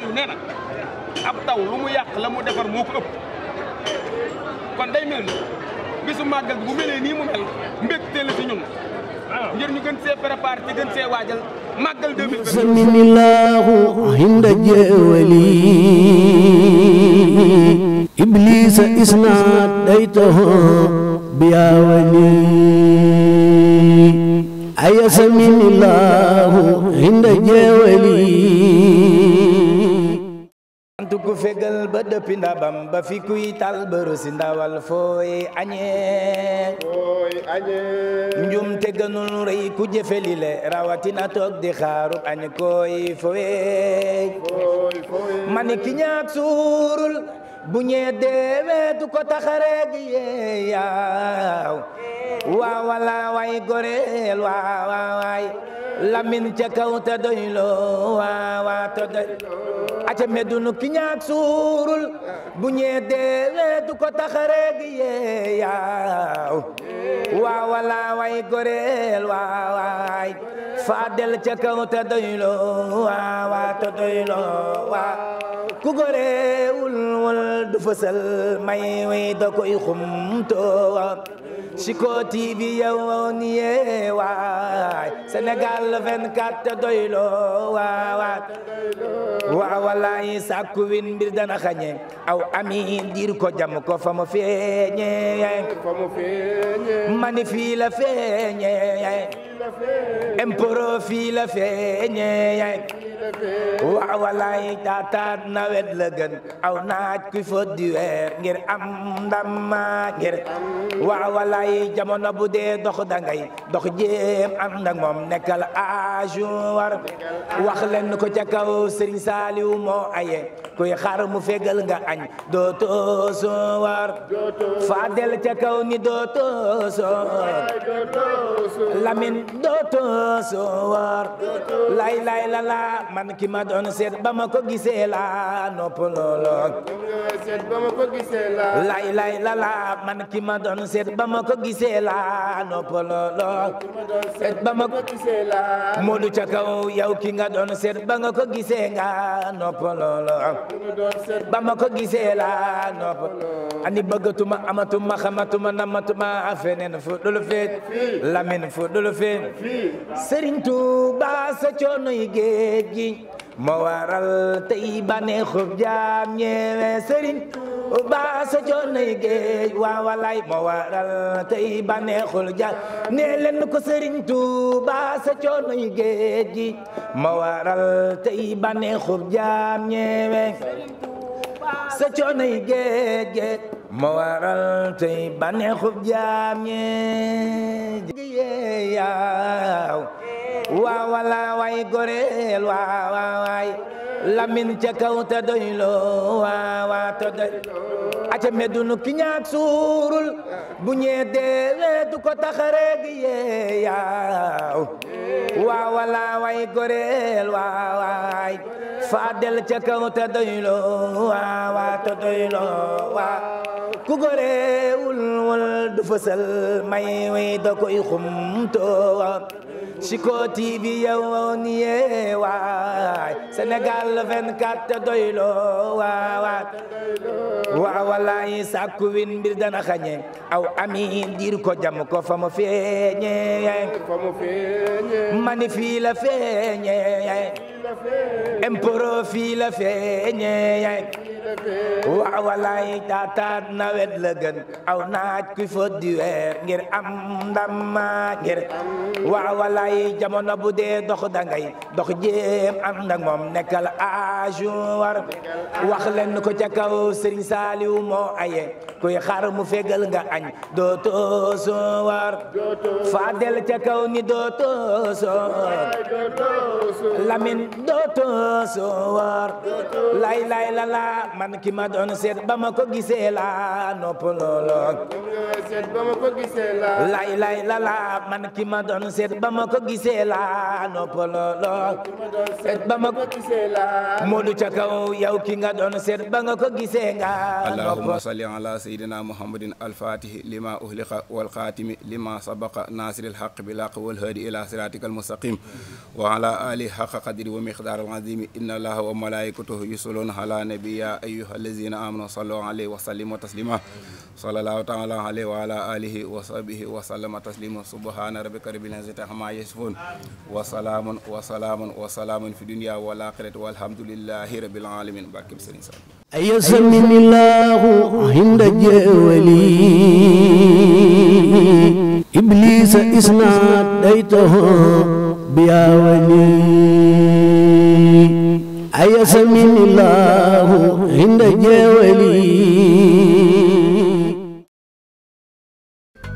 Saliou kon day mel ni bisu ci ñun ah. ngir ñu gën see préparé ci gën see waajal màggal 2022 saminillahu inda jeewali iblisa isnaat daytaho biyaawali aya saminillahu inda jeewali bégal ba dëppi ndabam ba fi kuy tal bëru si ndawal fooy fooy añee njum te gënul rëy ku jëfelile rawatina toog di xaaru añ koy fooy mani ki ñaak suurul bu ñee deewee ko taxaree gi yee yaaw waa wala way goreel waa waa waay lamin ca kaw te doyloo waawaa te doy aca medunu ki ñaak suurul bu ñee deewee du ko taxareeg yee yaaw waawalaa way goreel waaw faa del ca kaw te doyloo waa te doyloo waa ku ko réewul wul du fësal may way da koy xumtoo Chico TV yow ni yee waay Sénégal 24 te doyloo waa waaw wallaahi sàkku win mbir dana xañe aw ami diir ko jam ko fa mu feeñee mani fii la feeñee emporo fii la feeñee waa walaay taataat nawet la gën aw naaj kuy fët di weer ngir am ndam ngir waa walaay jamono bu dee dox dangay dox jéem ànd ak moom nekkal aaju war wax ko ca kaw Serigne Saliou moo aye kuy xar mu fegal nga añ dootoo soo war faa del ca kaw ni dootoo soo Lamine dootoo soo lay lay la man ki ma doon seet ba ma ko gisee la noppaloo lool la la ki ma doon seet ko gisee la noppaloo lool seet ba ma ko nga doon seet ba nga ko gisee nga noppaloo lool ma xamatuma namatuma feneen fu dul feet Lamine leen fu dul feen Sëriñ Tuubaa sa coono yi géej gi moo waral tey bane xub jaam ñeewe Sëriñ Tuubaa sa coono yi géej waa waral tey bane xul ko Sëriñ Tuubaa sa coono yi géej gi moo xub jaam ñeewe sa coono yi géej moo waral tey bànneexub jaam ñi yaaw waa wala waay goreel waa waa lamin ca kaw te doyloo waa waa te doy aca medunu ki ñaak suurul bu ñee deewe du ko taxaree gi yaaw waa wala waay goreel waa waay faa del ca kaw te doyloo waa te doyloo waa ku goreewul wul du fësal may way koy xumtoo waa Chico TV yow ni yee waay Sénégal 24 te doyloo waa waa waa wallaahi sàkku win mbir dana xañe aw amiin diir ko jam ko fa mu feeñe mani fii la feeñe emporo fii la feeñe waaw walaay taataan nawet la gën aw naaj kuy fóot di weer ngir am ndam ngir waaw walaay jamono bu dee dox dangay dox jéem ànd ak moom nekkal aaju war wax ko ca kaw Sëriñ Saaliw moo aye kuy xaar mu fegal nga añ dootoo soo war Fadel ca kaw ni dootoo soo Lamin dootoo soo war lay lay la man ki ma doon seet ba ma ko gisee la noppaloo lay lay la la man ki ma doon seet ba ma ko gisee la noppaloo ba ma ko gisee la Moodu ca kaw yow ki nga doon seet ba nga ko gisee nga allahumma salli ala sayyidina muhammadin alfaatihi lima uhliqa wal xaatimi lima sabaqa naasiril haqq bil haqq wal haadi ila siraatikal mustaqim wa ala alihi haqqa qadri wa miqdaaril azimi inna allaha wa malaikatahu yusalluna ala nabiyyi ayyuha allazina amanu sallu alayhi wa sallimu taslima sallallahu taala alayhi wa ala alihi wa sahbihi wa sallama taslima subhana rabbika rabbil izzati amma yasifun wa salaamun wa salaamun wa salaamun fi dunya wal akhirati walhamdulillahi rabbil alamin barkib sëriñ sa ayasamillahu inda jawali iblisa isna daytahu biyawali أيسمني الله عند جوالي